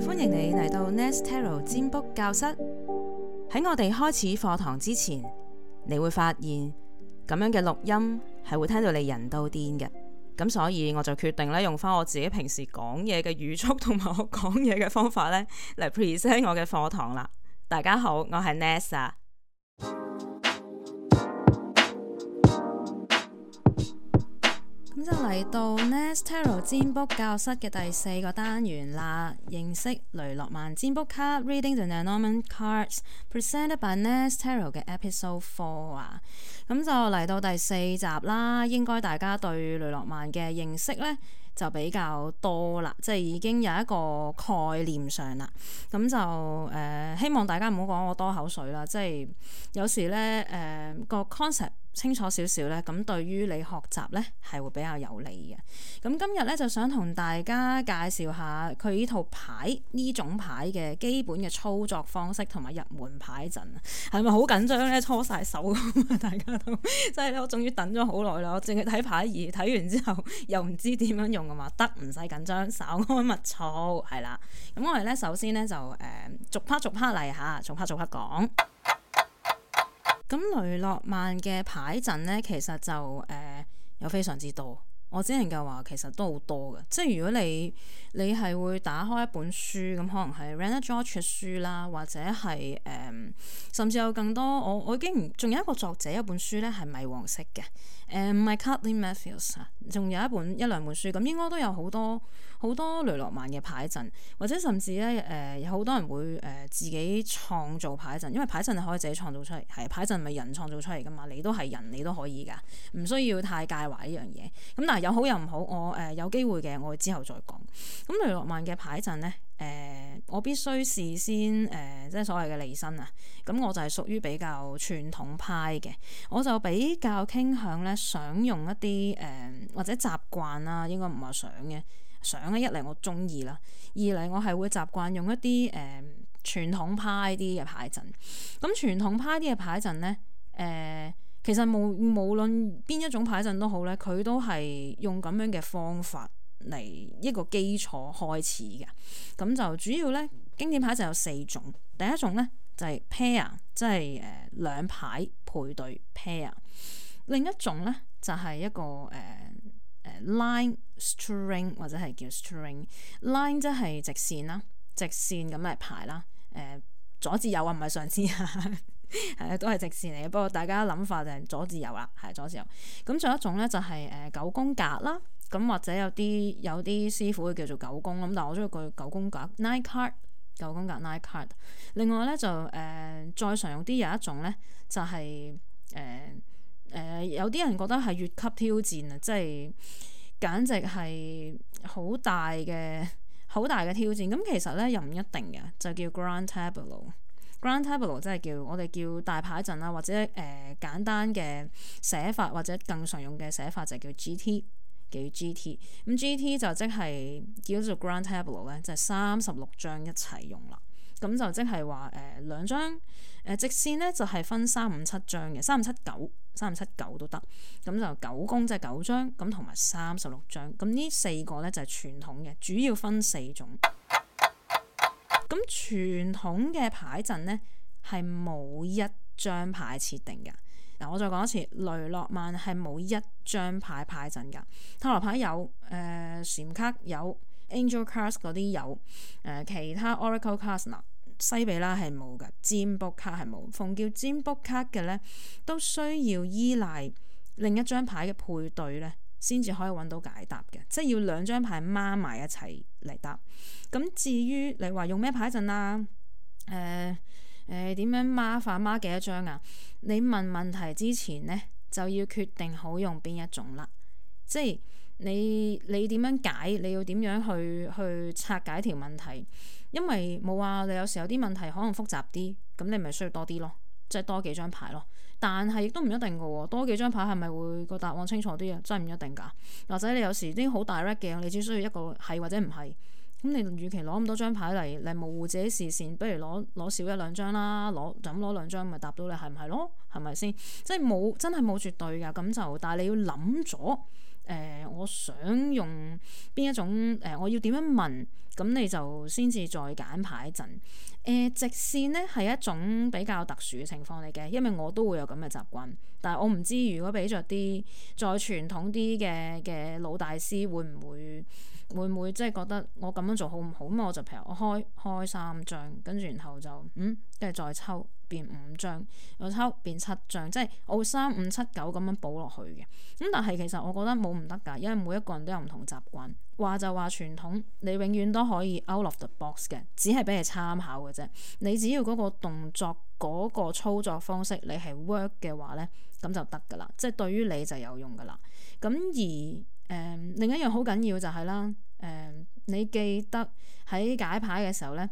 歡迎你嚟到 Nesta Tarot 占卜教室。喺我哋開始課堂之前，你會發現咁樣嘅錄音係會聽到你人都癲嘅。咁所以我就決定咧用返我自己平時講嘢嘅語速同埋我講嘢嘅方法咧嚟 present 我嘅課堂啦。大家好，我係 Nesta 啊。就嚟到 Nest Tarot 占卜教室嘅第四個單元啦，認識雷諾曼占卜卡，Reading the Norman Cards，presented by Nest Tarot 嘅 Episode Four 啊，咁就嚟到第四集啦。應該大家對雷諾曼嘅認識呢就比較多啦，即係已經有一個概念上啦。咁就誒、呃、希望大家唔好講我多口水啦，即係有時呢誒、呃、個 concept。清楚少少咧，咁對於你學習咧係會比較有利嘅。咁今日咧就想同大家介紹下佢呢套牌，呢種牌嘅基本嘅操作方式同埋入門牌陣，係咪好緊張咧？搓晒手，大家都即係咧， 我終於等咗好耐啦，我淨係睇牌而已，睇完之後又唔知點樣用啊嘛，得唔使緊張，稍安勿躁，係啦。咁我哋咧首先咧就誒逐 part 逐 part 嚟吓，逐 part 逐 part 講。咁雷諾曼嘅牌陣咧，其實就誒、呃、有非常之多，我只能夠話其實都好多嘅。即係如果你你係會打開一本書咁，可能係 Rana George 書啦，或者係誒、呃，甚至有更多。我我已經唔，仲有一個作者一本書咧係米黃色嘅。誒唔係 Cutlin Matthews 啊，仲、嗯、有一本一兩本書咁，應該都有好多好多雷諾曼嘅牌陣，或者甚至咧誒、呃、有好多人會誒、呃、自己創造牌陣，因為牌陣係可以自己創造出嚟，係啊，牌陣咪人創造出嚟噶嘛，你都係人，你都可以噶，唔需要太介懷呢樣嘢。咁但係有好有唔好，我誒、呃、有機會嘅，我會之後再講。咁雷諾曼嘅牌陣咧。誒、呃，我必須事先誒、呃，即係所謂嘅離身啊。咁、呃、我就係屬於比較傳統派嘅，我就比較傾向咧，想用一啲誒、呃、或者習慣啦，應該唔係想嘅，想一嚟我中意啦，二嚟我係會習慣用一啲誒、呃、傳統派啲嘅牌陣。咁傳統派啲嘅牌陣咧，誒其實無無論邊一種牌陣都好咧，佢都係用咁樣嘅方法，嚟一個基礎開始嘅，咁就主要咧經典牌就有四種，第一種咧就係、是呃、pair，即係誒兩牌配對 pair，另一種咧就係、是、一個誒誒、呃、line string 或者係叫 string line，即係直線啦，直線咁嚟排啦，誒、呃、左至右啊唔係上至下，係 啊都係直線嚟嘅，不過大家諗法就係左至右啦，係左至右。咁仲有一種咧就係、是、誒、呃、九宮格啦。咁或者有啲有啲師傅會叫做九宮咁，但係我中意佢九宮格 nine card 九宮格 nine card。另外咧就誒、呃、再常用啲有一種咧就係誒誒有啲人覺得係越級挑戰啊，即係簡直係好大嘅好大嘅挑戰。咁其實咧又唔一定嘅，就叫 grand t a b l e grand t a b l e 即係叫我哋叫大牌陣啦，或者誒、呃、簡單嘅寫法，或者更常用嘅寫法就叫 G T。叫 GT，咁 GT 就即係叫做 Grand Tableau 咧，就係三十六張一齊用啦。咁就即係話誒兩張誒、呃、直線咧，就係分三五七張嘅，三五七九、三五七九都得。咁就九宮即係九張，咁同埋三十六張，咁呢四個咧就係傳統嘅，主要分四種。咁傳統嘅牌陣咧係冇一張牌設定嘅。嗱，我再講一次，雷諾曼係冇一張牌牌陣㗎。塔羅牌有誒閃、呃、卡有 Angel Cards 嗰啲有誒、呃、其他 Oracle Cards 嗱、呃，西比拉係冇㗎，占卜卡係冇。逢叫占卜卡嘅咧，都需要依賴另一張牌嘅配對咧，先至可以揾到解答嘅，即係要兩張牌孖埋一齊嚟答。咁至於你話用咩牌陣啊？誒、呃。誒，點樣 mark 翻 mark 幾多張啊？你問問題之前呢，就要決定好用邊一種啦。即係你你點樣解，你要點樣去去拆解條問題。因為冇啊，你有時有啲問題可能複雜啲，咁你咪需要多啲咯，即係多幾張牌咯。但係亦都唔一定噶，多幾張牌係咪會個答案清楚啲啊？真係唔一定噶。或者你有時啲好 direct 嘅，你只需要一個係或者唔係。咁你與其攞咁多張牌嚟嚟模糊自己視線，不如攞攞少一兩張啦，攞咁攞兩張咪答到你係唔係咯？係咪先？即係冇真係冇絕對嘅，咁就，但係你要諗咗誒，我想用邊一種誒、呃，我要點樣問，咁你就先至再揀牌一陣、呃、直線呢係一種比較特殊嘅情況嚟嘅，因為我都會有咁嘅習慣，但係我唔知如果比著啲再傳統啲嘅嘅老大師會唔會？會唔會即係覺得我咁樣做好唔好？咁我就譬如我開開三張，跟住然後就嗯，跟住再抽變五張，又抽變七張，即係我會三五七九咁樣補落去嘅。咁、嗯、但係其實我覺得冇唔得㗎，因為每一個人都有唔同習慣。話就話傳統，你永遠都可以 out of the box 嘅，只係俾你參考嘅啫。你只要嗰個動作嗰、嗰個操作方式你係 work 嘅話呢，咁就得㗎啦。即係對於你就有用㗎啦。咁而誒、嗯、另一樣好緊要就係、是、啦，誒、嗯、你記得喺解牌嘅時候呢，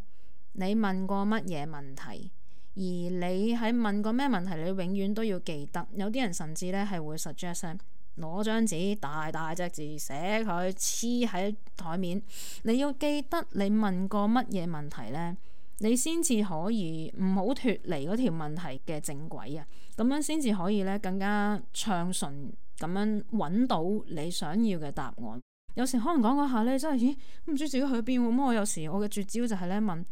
你問過乜嘢問題，而你喺問過咩問題，你永遠都要記得。有啲人甚至呢係會 suggest 攞張紙，大大隻字寫佢黐喺台面。你要記得你問過乜嘢問題呢？你先至可以唔好脱離嗰條問題嘅正軌啊，咁樣先至可以呢更加暢順。咁樣揾到你想要嘅答案，有時可能講講下咧，真係咦，唔知自己去邊喎。咁我有時我嘅絕招就係咧，問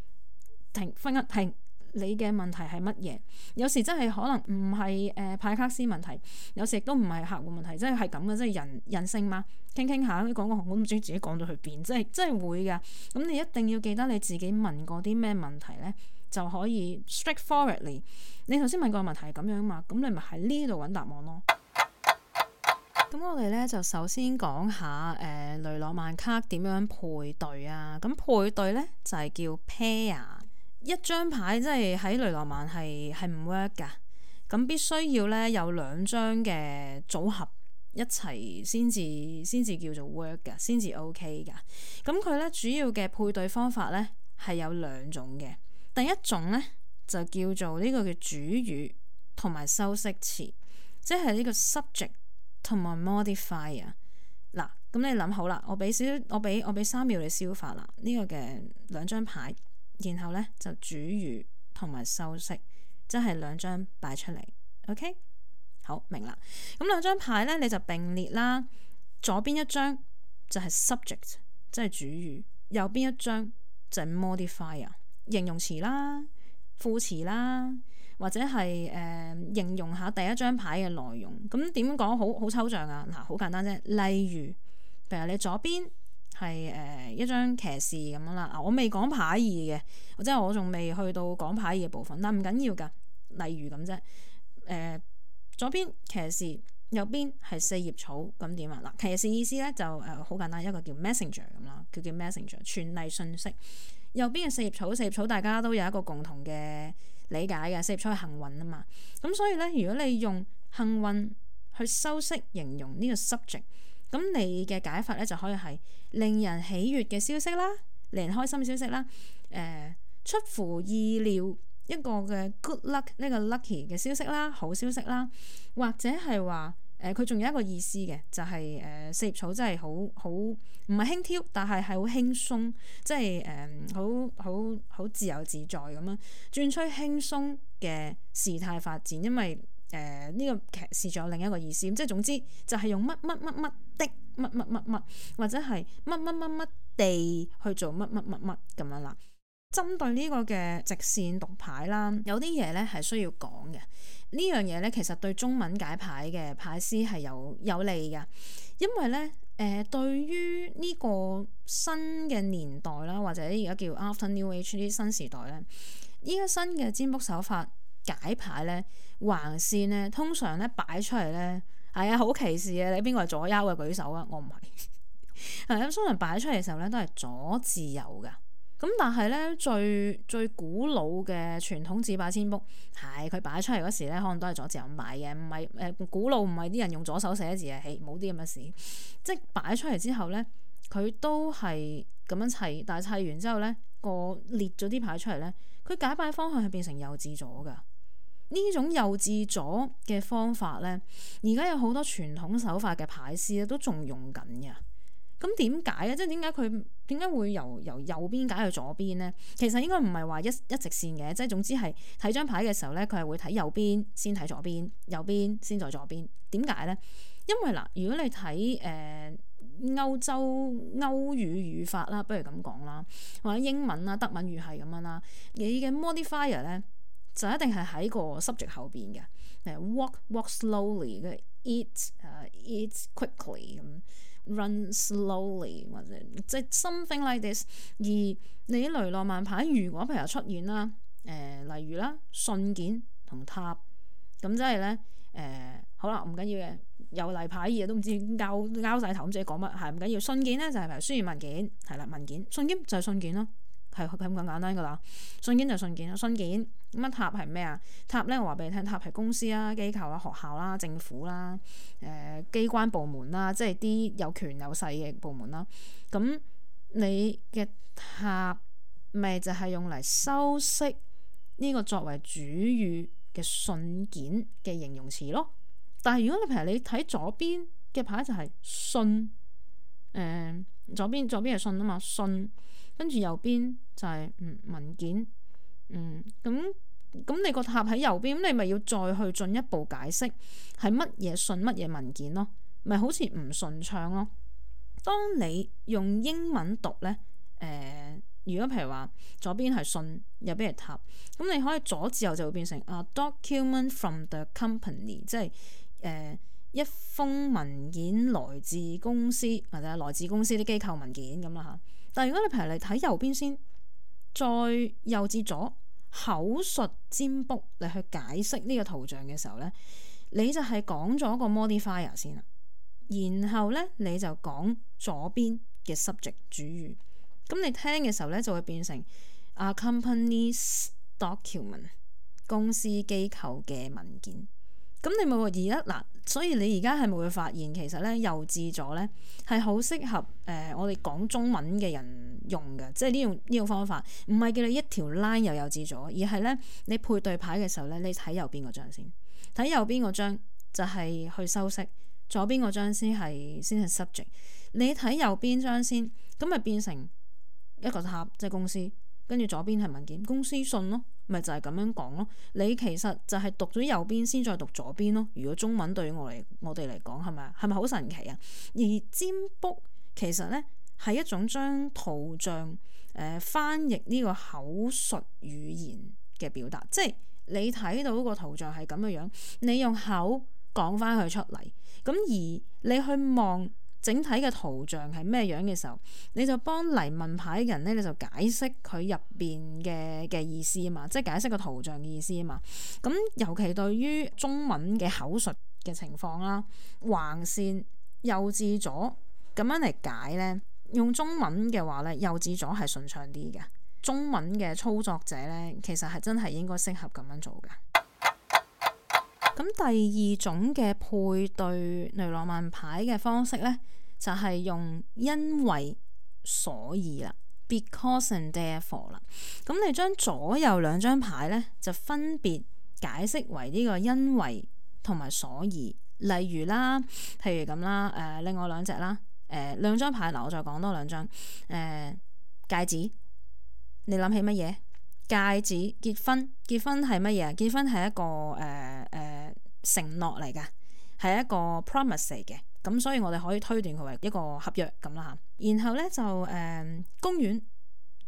停，分一停，你嘅問題係乜嘢？有時真係可能唔係誒派克斯問題，有時亦都唔係客戶問題，即係係咁嘅，即係人人性嘛。傾傾下，你講講，我唔知自己講到去邊，即係即係會噶。咁你一定要記得你自己問過啲咩問題咧，就可以 straightforwardly。你頭先問過個問題係咁樣嘛，咁你咪喺呢度揾答案咯。咁我哋咧就首先講下，誒、呃，雷諾曼卡點樣配對啊？咁配對咧就係、是、叫 pair，一張牌即係喺雷諾曼係係唔 work 噶，咁必須要咧有兩張嘅組合一齊先至先至叫做 work 噶，先至 OK 噶。咁佢咧主要嘅配對方法咧係有兩種嘅，第一種咧就叫做呢個叫主語同埋修飾詞，即係呢個 subject。同埋 modifier，嗱，咁你諗好啦，我俾少，我俾我俾三秒你消化啦，呢個嘅兩張牌，然後咧就主語同埋修飾，即係兩張擺出嚟，OK？好，明啦，咁兩張牌咧你就並列啦，左邊一張就係 subject，即係主語，右邊一張就 modifier，形容詞啦、副詞啦。或者係誒、呃、形容下第一張牌嘅內容，咁點講好好，好抽象啊！嗱，好簡單啫。例如譬如你左邊係誒、呃、一張騎士咁樣啦。我未講牌意嘅，即係我仲未去到講牌意嘅部分，但唔緊要噶。例如咁啫。誒、呃、左邊騎士，右邊係四葉草咁點啊？嗱，騎士意思咧就誒好、呃、簡單，一個叫 Messenger 咁啦，叫叫 Messenger 傳遞信息。右邊嘅四葉草，四葉草大家都有一個共同嘅理解嘅四葉草係幸運啊嘛，咁所以咧，如果你用幸運去修飾形容呢個 subject，咁你嘅解法咧就可以係令人喜悦嘅消息啦，令人開心嘅消息啦，誒、呃、出乎意料一個嘅 good luck 呢個 lucky 嘅消息啦，好消息啦，或者係話。誒佢仲有一個意思嘅，就係、是、誒、呃、四葉草真係好好唔係輕佻，但係係好輕鬆，即係誒好好好自由自在咁樣，轉出輕鬆嘅事態發展。因為誒呢、呃這個劇事仲有另一個意思，咁即係總之就係用乜乜乜乜的乜乜乜乜，或者係乜乜乜乜地去做乜乜乜乜咁樣啦。針對呢個嘅直線讀牌啦，有啲嘢咧係需要講嘅。呢樣嘢咧，其實對中文解牌嘅牌師係有有利嘅，因為咧誒、呃，對於呢個新嘅年代啦，或者而家叫 After New Age 呢啲新時代咧，依家新嘅占卜手法解牌咧，橫線咧，通常咧擺出嚟咧，係、哎、啊，好歧視嘅、啊，你邊個係左優嘅舉手啊？我唔係。係咁，通常擺出嚟嘅時候咧，都係左至右噶。咁但係咧，最最古老嘅傳統字牌千幅，係佢擺出嚟嗰時咧，可能都係左字右埋嘅，唔係誒古老唔係啲人用左手寫字嘅，係冇啲咁嘅事。即係擺出嚟之後咧，佢都係咁樣砌，但係砌完之後咧，個列咗啲牌出嚟咧，佢解牌方向係變成右至左噶。呢種右至左嘅方法咧，而家有好多傳統手法嘅牌師咧，都仲用緊嘅。咁點解啊？即係點解佢點解會由由右邊解去左邊咧？其實應該唔係話一一直線嘅，即係總之係睇張牌嘅時候咧，佢係會睇右邊先睇左邊，右邊先再左邊。點解咧？因為嗱，如果你睇誒、呃、歐洲歐語語法啦，不如咁講啦，或者英文啦、德文語係咁樣啦，你嘅 modifier 咧就一定係喺個 subject 後邊嘅，誒 walk walk slowly 嘅 eat 誒、uh, eat quickly 咁。Run slowly 或者即係 something like this，而你雷諾曼牌如果譬如出現啦，誒、呃、例如啦信件同塔，咁即係咧誒，好啦唔緊要嘅，又例牌嘢都唔知拗拗晒頭唔知講乜係唔緊要，信件咧、呃、就係、是、譬如書面文件係啦文件，信件就係信件咯。係咁咁簡單噶啦，信件就信件啦，信件，咁乜塔係咩啊？塔咧，我話俾你聽，塔係公司啦、啊、機構啦、啊、學校啦、啊、政府啦、啊、誒、呃、機關部門啦、啊，即係啲有權有勢嘅部門啦、啊。咁你嘅塔咪就係用嚟修飾呢個作為主語嘅信件嘅形容詞咯。但係如果你譬如你睇左邊嘅牌就係信誒、呃、左邊左邊係信啊嘛，信跟住右邊。嗯，文件，嗯，咁咁你個塔喺右邊，咁你咪要再去進一步解釋係乜嘢信乜嘢文件咯，咪好似唔順暢咯。當你用英文讀咧，誒、呃，如果譬如話左邊係信，右邊係塔，咁你可以左至右就會變成啊 document from the company，即係誒、呃、一封文件來自公司或者係來自公司啲機構文件咁啦嚇。但係如果你平日嚟睇右邊先。再右至左，口述占卜，你去解釋呢個圖像嘅時候呢，你就係講咗個 modifier 先啦，然後呢，你就講左邊嘅 subject 主語。咁你聽嘅時候呢，就會變成 a company's document 公司機構嘅文件，咁你咪而家嗱，所以你而家係咪會發現其實呢，右至左呢，係好適合誒我哋講中文嘅人。用嘅，即係呢種呢種方法，唔係叫你一條 line 又有字咗，而係咧，你配對牌嘅時候咧，你睇右邊嗰張先，睇右邊嗰張就係去修飾，左邊嗰張先係先係 subject。你睇右邊張先，咁咪變成一個塔，即係公司，跟住左邊係文件公司信咯，咪就係咁樣講咯。你其實就係讀咗右邊先再讀左邊咯。如果中文對於我嚟我哋嚟講係咪啊？係咪好神奇啊？而占卜其實咧。係一種將圖像誒、呃、翻譯呢個口述語言嘅表達，即係你睇到個圖像係咁嘅樣，你用口講翻佢出嚟。咁而你去望整體嘅圖像係咩樣嘅時候，你就幫嚟問牌人咧，你就解釋佢入邊嘅嘅意思啊嘛，即係解釋個圖像嘅意思啊嘛。咁尤其對於中文嘅口述嘅情況啦，橫線右至左咁樣嚟解咧。用中文嘅話咧，右至左係順暢啲嘅。中文嘅操作者咧，其實係真係應該適合咁樣做嘅。咁第二種嘅配對雷諾曼牌嘅方式咧，就係、是、用因為所以啦，because and therefore 啦。咁你將左右兩張牌咧，就分別解釋為呢個因為同埋所以。例如啦，譬如咁啦，誒、呃，另外兩隻啦。誒，兩張牌，嗱，我再講多兩張。誒、呃，戒指，你諗起乜嘢？戒指，結婚，結婚係乜嘢？結婚係一個誒誒、呃呃、承諾嚟㗎，係一個 promise 嚟嘅。咁所以我哋可以推斷佢為一個合約咁啦吓。然後咧就、誒公園，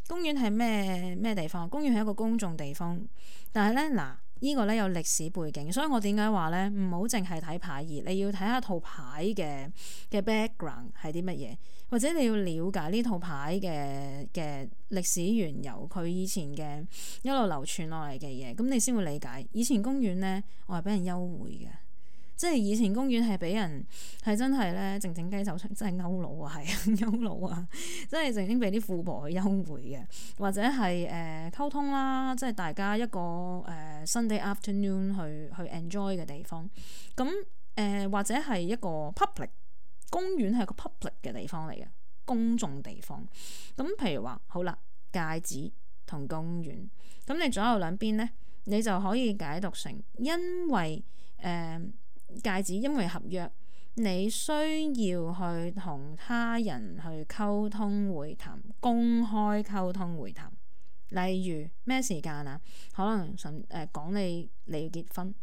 公園係咩咩地方？公園係一個公眾地方，但係咧嗱。呢個咧有歷史背景，所以我點解話咧唔好淨係睇牌而，你要睇下套牌嘅嘅 background 係啲乜嘢，或者你要了解呢套牌嘅嘅歷史緣由，佢以前嘅一路流傳落嚟嘅嘢，咁你先會理解。以前公園咧，我係俾人優惠嘅。即係以前公園係俾人係真係咧靜靜雞走出，真係勾佬啊，係勾佬啊，即係靜靜俾啲富婆去幽會嘅，或者係誒、呃、溝通啦，即係大家一個誒、呃、Sunday afternoon 去去 enjoy 嘅地方。咁、呃、誒或者係一個 public 公園係個 public 嘅地方嚟嘅，公眾地方。咁譬如話好啦，戒指同公園咁，你左右兩邊咧，你就可以解讀成因為誒。呃戒指，因為合約，你需要去同他人去溝通會談，公開溝通會談。例如咩時間啊？可能什誒講你你要結婚，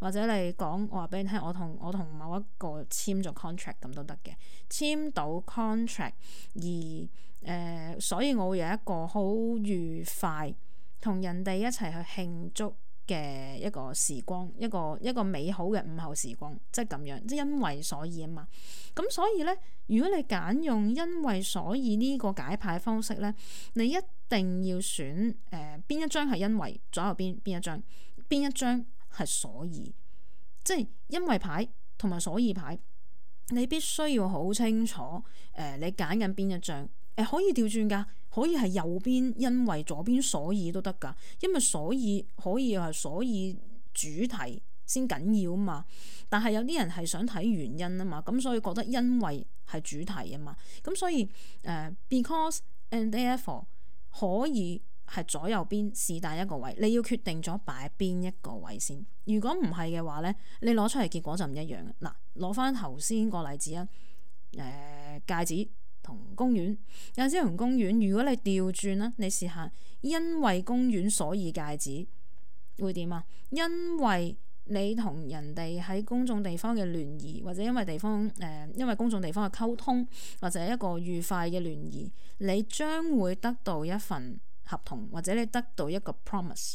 或者你講我話俾你聽，我同我同某一個簽咗 contract 咁都得嘅，簽到 contract 而誒、呃，所以我會有一個好愉快同人哋一齊去慶祝。嘅一個時光，一個一個美好嘅午後時光，即係咁樣。即因為所以啊嘛。咁所以呢，如果你揀用因為所以呢個解牌方式呢，你一定要選誒邊、呃、一張係因為，左右邊邊一張，邊一張係所以，即係因為牌同埋所以牌，你必須要好清楚誒、呃，你揀緊邊一張誒、呃，可以調轉㗎。可以係右邊，因為左邊，所以都得噶。因為所以可以係，所以主題先緊要啊嘛。但係有啲人係想睇原因啊嘛，咁所以覺得因為係主題啊嘛。咁所以誒、uh，because and therefore 可以係左右邊是但一個位，你要決定咗擺邊一個位先。如果唔係嘅話咧，你攞出嚟結果就唔一樣。嗱，攞翻頭先個例子啊，誒、uh, 戒指。同公園，有時同公園。如果你調轉啦，你試下，因為公園所以戒指會點啊？因為你同人哋喺公眾地方嘅聯誼，或者因為地方誒、呃，因為公眾地方嘅溝通，或者一個愉快嘅聯誼，你將會得到一份合同，或者你得到一個 promise。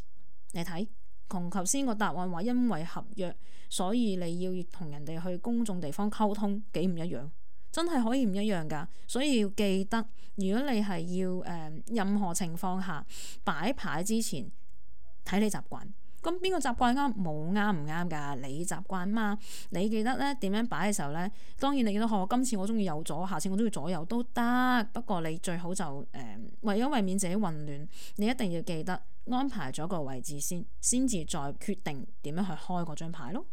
你睇同頭先個答案話，因為合約所以你要同人哋去公眾地方溝通，幾唔一樣？真係可以唔一樣噶，所以要記得，如果你係要誒、呃、任何情況下擺牌之前睇你習慣，咁邊個習慣啱冇啱唔啱噶？你習慣嘛？你記得咧點樣擺嘅時候咧？當然你記得，我今次我中意右左，下次我中意左右都得。不過你最好就誒、呃，為咗為免自己混亂，你一定要記得安排咗個位置先，先至再決定點樣去開嗰張牌咯。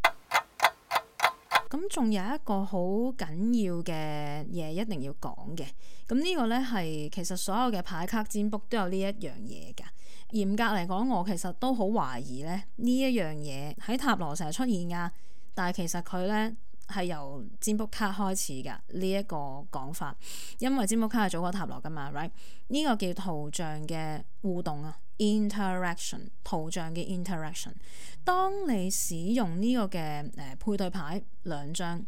咁仲有一個好緊要嘅嘢，一定要講嘅。咁呢個呢，係其實所有嘅牌、卡、占卜都有呢一樣嘢㗎。嚴格嚟講，我其實都好懷疑呢呢一樣嘢喺塔羅成日出現㗎。但係其實佢呢，係由占卜卡開始㗎呢一個講法，因為占卜卡係早過塔羅㗎嘛，right？呢個叫圖像嘅互動啊。interaction 圖像嘅 interaction，當你使用呢個嘅誒、呃、配對牌兩張，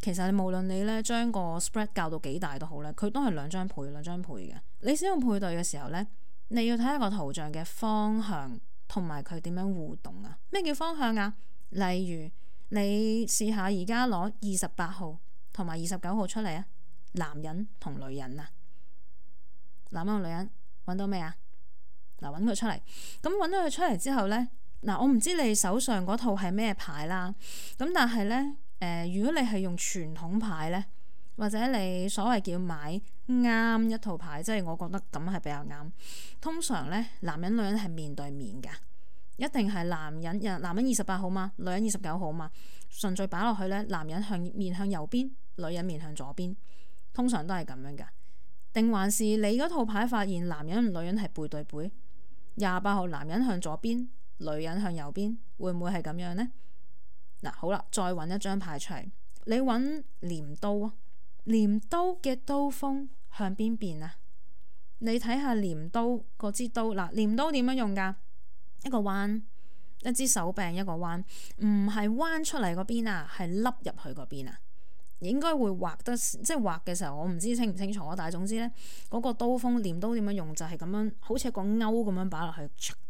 其實你無論你咧將個 spread 較到幾大好都好咧，佢都係兩張配兩張配嘅。你使用配對嘅時候咧，你要睇一個圖像嘅方向同埋佢點樣互動啊？咩叫方向啊？例如你試下而家攞二十八號同埋二十九號出嚟啊，男人同女人啊，男人同女人揾到未啊？嗱，揾佢出嚟。咁揾到佢出嚟之後咧，嗱，我唔知你手上嗰套係咩牌啦。咁但係咧，誒、呃，如果你係用傳統牌咧，或者你所謂叫買啱一套牌，即係我覺得咁係比較啱。通常咧，男人女人係面對面噶，一定係男人，男人二十八號嘛，女人二十九號嘛，順序擺落去咧，男人向面向右邊，女人面向左邊，通常都係咁樣噶。定還是你嗰套牌發現男人女人係背對背？廿八號男人向左邊，女人向右邊，會唔會係咁樣呢？嗱，好啦，再搵一張牌出嚟，你搵鐮刀啊，鐮刀嘅刀鋒向邊邊啊？你睇下鐮刀嗰支刀，嗱，鐮刀點樣用噶？一個彎，一支手柄，一個彎，唔係彎出嚟嗰邊啊，係凹入去嗰邊啊。應該會畫得即係畫嘅時候，我唔知清唔清楚，但係總之呢，嗰、那個刀鋒、鐮刀點樣用就係、是、咁樣，好似一個勾咁樣擺落去，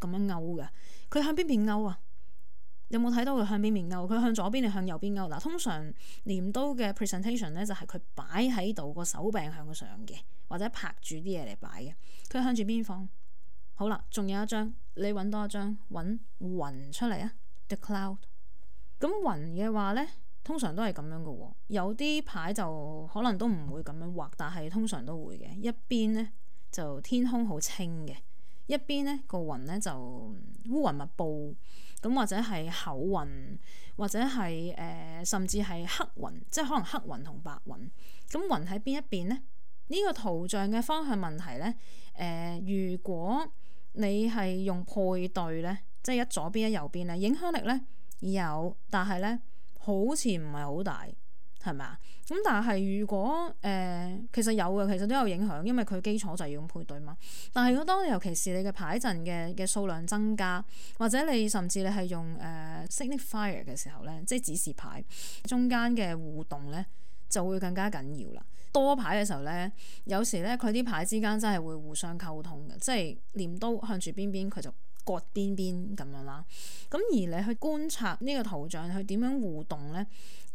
咁樣勾嘅。佢向邊邊勾啊？有冇睇到佢向邊邊勾？佢向左邊定向右邊勾嗱、啊？通常鐮刀嘅 presentation 呢，就係、是、佢擺喺度，個手柄向上嘅，或者拍住啲嘢嚟擺嘅。佢向住邊放？好啦，仲有一張，你揾多一張，揾雲出嚟啊，the cloud。咁雲嘅話呢。通常都係咁樣嘅喎、哦，有啲牌就可能都唔會咁樣畫，但係通常都會嘅一邊呢就天空好清嘅，一邊呢個雲呢就烏雲密布咁，或者係厚雲，或者係誒、呃、甚至係黑雲，即係可能黑雲同白雲咁、嗯、雲喺邊一邊呢？呢個圖像嘅方向問題呢。誒、呃、如果你係用配對呢，即係一左邊一右邊呢，影響力呢有，但係呢。好似唔係好大，係咪啊？咁但係如果誒、呃，其實有嘅，其實都有影響，因為佢基礎就要咁配對嘛。但係如果當你尤其是你嘅牌陣嘅嘅數量增加，或者你甚至你係用誒、呃、signifier 嘅時候咧，即係指示牌中間嘅互動咧，就會更加緊要啦。多牌嘅時候咧，有時咧佢啲牌之間真係會互相溝通嘅，即係劍刀向住邊邊佢就角邊邊咁樣啦，咁而你去觀察呢個圖像佢點樣互動呢？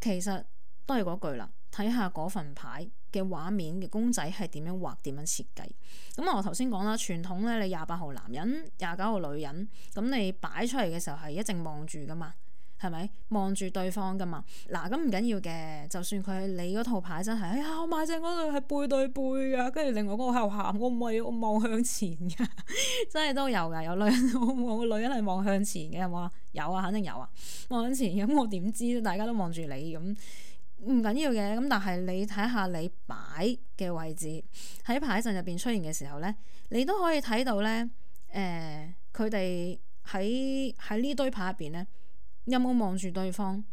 其實都係嗰句啦，睇下嗰份牌嘅畫面嘅公仔係點樣畫，點樣設計。咁啊，我頭先講啦，傳統咧，你廿八號男人，廿九號女人，咁你擺出嚟嘅時候係一直望住噶嘛。係咪望住對方噶嘛？嗱、啊，咁唔緊要嘅，就算佢你嗰套牌真係，哎呀，我買正嗰對係背對背噶，跟住另外嗰個喺度喊，我唔係我望向前噶， 真係都有噶，有女人有，我個女人係望向前嘅，有冇？有啊，肯定有啊，望向前咁我點知？大家都望住你咁唔緊要嘅咁，但係你睇下你擺嘅位置喺牌陣入邊出現嘅時候咧，你都可以睇到咧，誒、呃，佢哋喺喺呢堆牌入邊咧。有冇望住對方？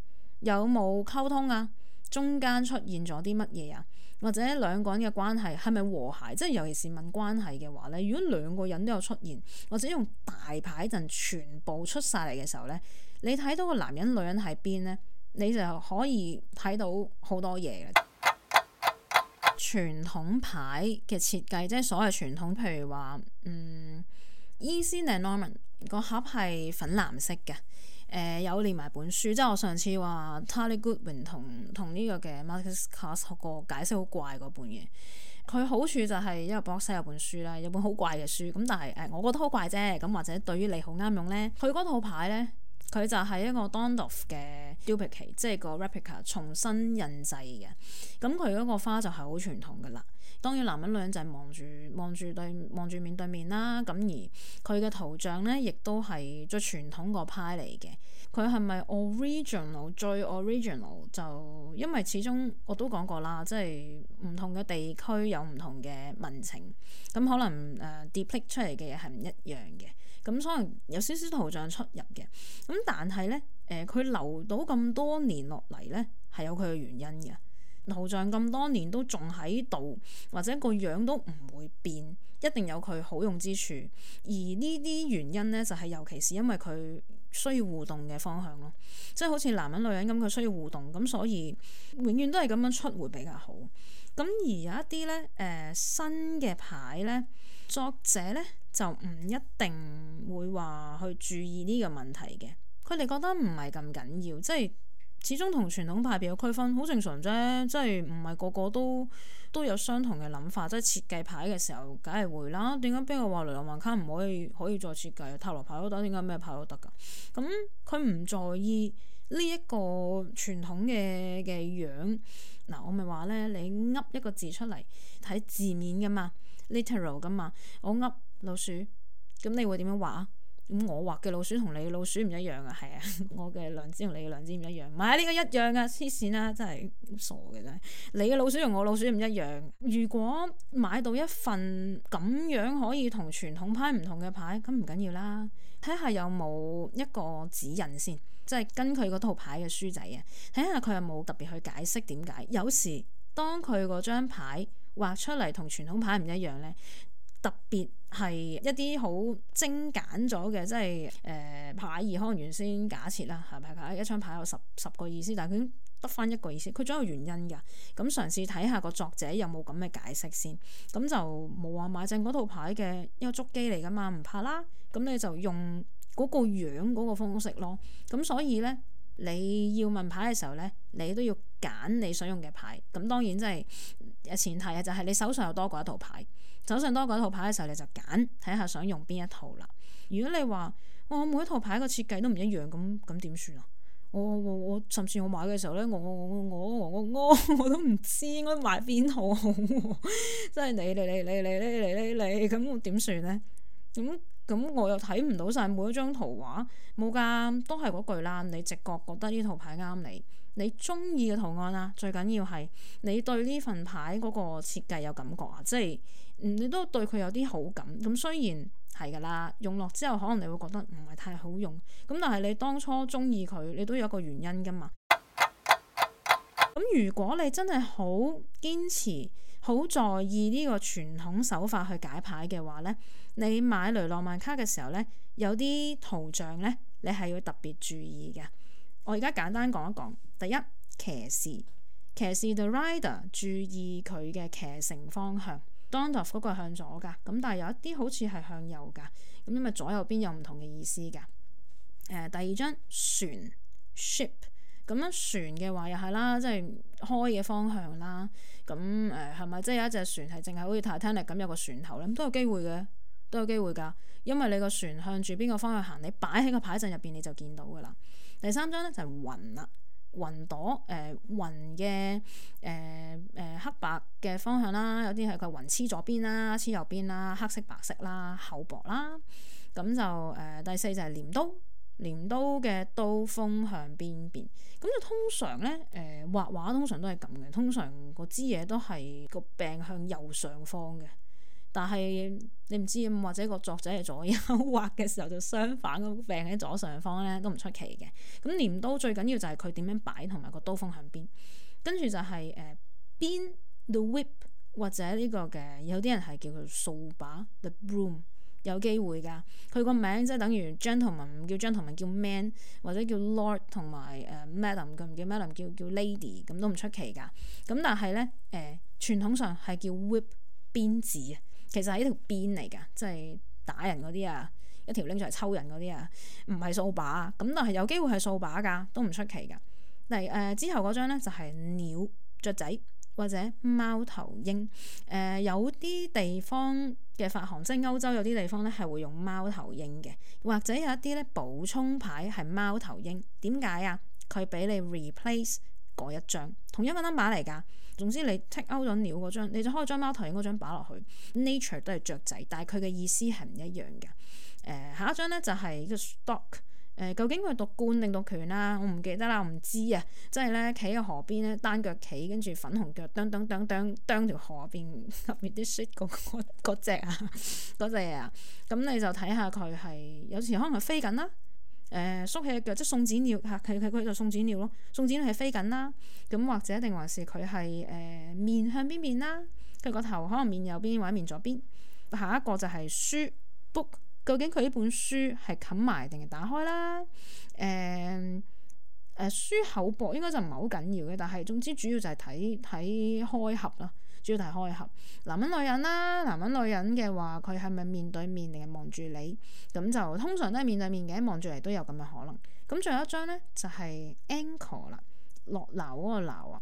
有冇溝通啊？中間出現咗啲乜嘢啊？或者兩個人嘅關係係咪和諧？即係尤其是問關係嘅話咧，如果兩個人都有出現，或者用大牌陣全部出晒嚟嘅時候咧，你睇到個男人、女人喺邊咧，你就可以睇到好多嘢嘅。傳統牌嘅設計，即係所謂傳統，譬如話嗯，Ethan Norman 個盒係粉藍色嘅。誒、呃、有連埋本書，即係我上次話 Tally Goodwin 同同呢個嘅 Marcus Cars 學個解釋好怪嗰本嘢。佢好處就係因為 Box、er、有本書啦，有本好怪嘅書。咁但係誒、呃，我覺得好怪啫。咁或者對於你好啱用咧，佢嗰套牌咧，佢就係一個 Donald 嘅 Duplicate，即係個 Replica 重新印製嘅。咁佢嗰個花就係好傳統嘅啦。當然，男人女人就係望住望住對望住面對面啦。咁而佢嘅圖像咧，亦都係最傳統個派嚟嘅。佢係咪 original 最 original 就因為始終我都講過啦，即係唔同嘅地區有唔同嘅民情，咁可能誒 duplicate 出嚟嘅嘢係唔一樣嘅。咁可能有少少圖像出入嘅。咁但係咧誒，佢、呃、留到咁多年落嚟咧，係有佢嘅原因嘅。好像咁多年都仲喺度，或者個樣都唔會變，一定有佢好用之處。而呢啲原因呢，就係尤其是因為佢需要互動嘅方向咯，即係好似男人女人咁，佢需要互動，咁所以永遠都係咁樣出會比較好。咁而有一啲呢，誒、呃、新嘅牌呢，作者呢，就唔一定會話去注意呢個問題嘅，佢哋覺得唔係咁緊要，即係。始終同傳統派別有區分好正常啫，即係唔係個個都都有相同嘅諗法，即係設計牌嘅時候，梗係會啦。點解邊個話雷諾曼卡唔可以可以再設計？塔羅牌都得，點解咩牌都得㗎？咁佢唔在意呢一個傳統嘅嘅樣。嗱，我咪話咧，你噏一個字出嚟睇字面㗎嘛，literal 㗎嘛，我噏老鼠，咁你會點樣畫啊？咁我畫嘅老鼠同你老鼠唔一樣啊，係啊，我嘅良知同你嘅良知唔一樣，唔係呢個一樣啊，黐線啦，真係傻嘅真。你嘅老鼠同我老鼠唔一樣。如果買到一份咁樣可以同傳統牌唔同嘅牌，咁唔緊要啦。睇下有冇一個指引先，即係跟佢嗰套牌嘅書仔啊，睇下佢有冇特別去解釋點解。有時當佢嗰張牌畫出嚟同傳統牌唔一樣咧。特別係一啲好精簡咗嘅，即係誒、呃、牌，而可能原先假設啦，係咪？牌一張牌有十十個意思，但係佢得翻一個意思，佢總有原因㗎。咁嘗試睇下個作者有冇咁嘅解釋先。咁就冇話買正嗰套牌嘅，因為捉機嚟㗎嘛，唔怕啦。咁你就用嗰個樣嗰個方式咯。咁所以咧，你要問牌嘅時候咧，你都要揀你想用嘅牌。咁當然即係。前提啊，就係你手上有多過一套牌，手上多過一套牌嘅時候，你就揀睇下想用邊一套啦。如果你話我、哦、每一套牌個設計都唔一樣，咁咁點算啊？我我我我，甚至我買嘅時候咧，我我我我我我我都唔知應該買邊套好， 真係你你你你你你你你你，咁點算咧？咁咁我，我又睇唔到晒每一張圖畫，冇噶，都係嗰句啦，你直覺覺得呢套牌啱你。你中意嘅圖案呀，最緊要係你對呢份牌嗰個設計有感覺啊，即係你都對佢有啲好感。咁雖然係噶啦，用落之後可能你會覺得唔係太好用，咁但係你當初中意佢，你都有一個原因噶嘛。咁 如果你真係好堅持、好在意呢個傳統手法去解牌嘅話呢，你買雷浪漫卡嘅時候呢，有啲圖像呢，你係要特別注意嘅。我而家簡單講一講。第一，騎士騎士 The Rider，注意佢嘅騎乘方向。Don t of 嗰個向左㗎，咁但係有一啲好似係向右㗎，咁因為左右邊有唔同嘅意思㗎。誒、呃，第二張船 ship，咁樣船嘅話又係啦，即係開嘅方向啦。咁誒係咪即係有一隻船係淨係好似 Titanic 咁有個船頭咧？咁都有機會嘅，都有機會㗎，因為你個船向住邊個方向行，你擺喺個牌陣入邊你就見到㗎啦。第三張咧就係雲啦，雲朵，誒、呃、雲嘅誒誒黑白嘅方向啦，有啲係佢雲黐左邊啦，黐右邊啦，黑色白色啦，厚薄啦，咁就誒、呃、第四就係鐮刀，鐮刀嘅刀鋒向邊邊，咁就通常咧誒、呃、畫畫通常都係咁嘅，通常個支嘢都係個柄向右上方嘅。但係你唔知，或者個作者係左右畫嘅時候，就相反咁掟喺左上方咧，都唔出奇嘅。咁鐮刀最緊要就係佢點樣擺同埋個刀鋒向邊，跟住就係誒鞭 the whip 或者呢個嘅，有啲人係叫佢掃把 the broom 有機會㗎。佢個名即係等於 gentleman 唔叫 gentleman，叫 man 或者叫 lord 同埋誒 madam，佢唔叫 madam 叫叫 lady 咁都唔出奇㗎。咁但係咧誒傳統上係叫 whip 鞭子啊。其實係一條鞭嚟噶，即係打人嗰啲啊，一條拎出嚟抽人嗰啲啊，唔係掃把，咁但係有機會係掃把噶，都唔出奇噶。嚟誒、呃、之後嗰張咧就係鳥雀仔或者貓頭鷹，誒、呃、有啲地方嘅發行，即係歐洲有啲地方咧係會用貓頭鷹嘅，或者有一啲咧補充牌係貓頭鷹，點解啊？佢俾你 replace。嗰一張，同一個 number 嚟噶。總之你剔勾咗鳥嗰張，你就開張貓頭鷹嗰張擺落去，nature 都係雀仔，但係佢嘅意思係唔一樣嘅。誒，下一張咧就係個 stock，誒，究竟佢讀冠定讀權啦？我唔記得啦，我唔知啊。即係咧，企喺河邊咧，單腳企，跟住粉紅腳，噔噔噔噔，釣條河邊入面啲雪個嗰隻啊，嗰隻啊，咁你就睇下佢係有時可能飛緊啦。誒、縮、呃、起隻腳，即係送紙尿吓，佢佢佢就送紙尿咯，送紙尿係飛緊啦，咁或者定還是佢係誒面向邊面啦，佢個頭可能面右邊或者面左邊，下一個就係書 book，究竟佢呢本書係冚埋定係打開啦，誒、呃、誒、呃、書厚薄應該就唔係好緊要嘅，但係總之主要就係睇睇開合啦。主要大開合，男人女人啦、啊，男人女人嘅話，佢係咪面對面定係望住你？咁就通常都係面對面嘅，望住你都有咁嘅可能。咁仲有一張咧，就係、是、anchor 啦，落樓嗰個樓啊，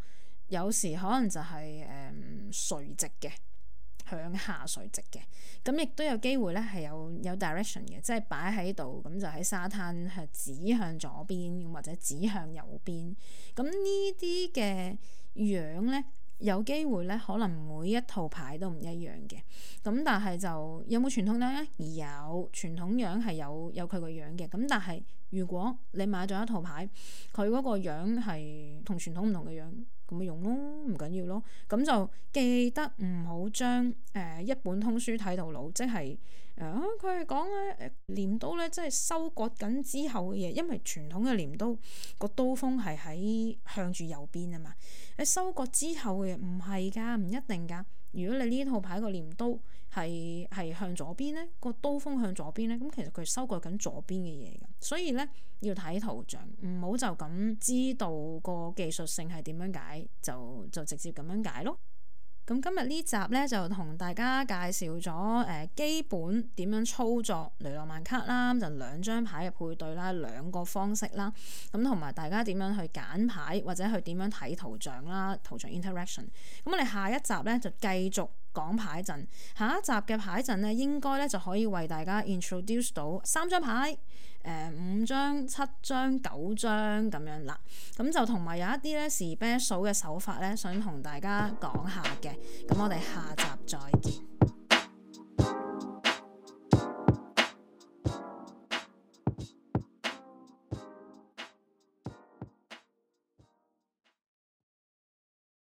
有時可能就係、是、誒、嗯、垂直嘅向下垂直嘅，咁亦都有機會咧係有有 direction 嘅，即係擺喺度咁就喺沙灘係指向左邊或者指向右邊。咁呢啲嘅樣咧。有機會咧，可能每一套牌都唔一樣嘅，咁但係就有冇傳統呢？咧？有傳統樣係有有佢個樣嘅，咁但係如果你買咗一套牌，佢嗰個樣係同傳統唔同嘅樣，咁咪用咯，唔緊要咯，咁就記得唔好將誒，一本通書睇到老，即係。誒，佢係講咧，鐮刀咧，即係收割緊之後嘅嘢，因為傳統嘅鐮刀個刀鋒係喺向住右邊啊嘛。你收割之後嘅嘢唔係㗎，唔一定㗎。如果你呢套牌個鐮刀係係向左邊咧，個刀鋒向左邊咧，咁其實佢收割緊左邊嘅嘢㗎。所以咧，要睇圖像，唔好就咁知道個技術性係點樣解解，就就直接咁樣解解咯。咁今日呢集呢，就同大家介紹咗誒，基本點樣操作雷諾曼卡啦，就兩張牌嘅配對啦，兩個方式啦，咁同埋大家點樣去揀牌或者去點樣睇圖像啦，圖像 interaction。咁我哋下一集呢，就繼續。講牌陣，下一集嘅牌陣咧，應該咧就可以為大家 introduce 到三張牌，誒、呃、五張、七張、九張咁樣啦。咁就同埋有一啲咧是 bet 數嘅手法咧，想同大家講下嘅。咁我哋下集再見。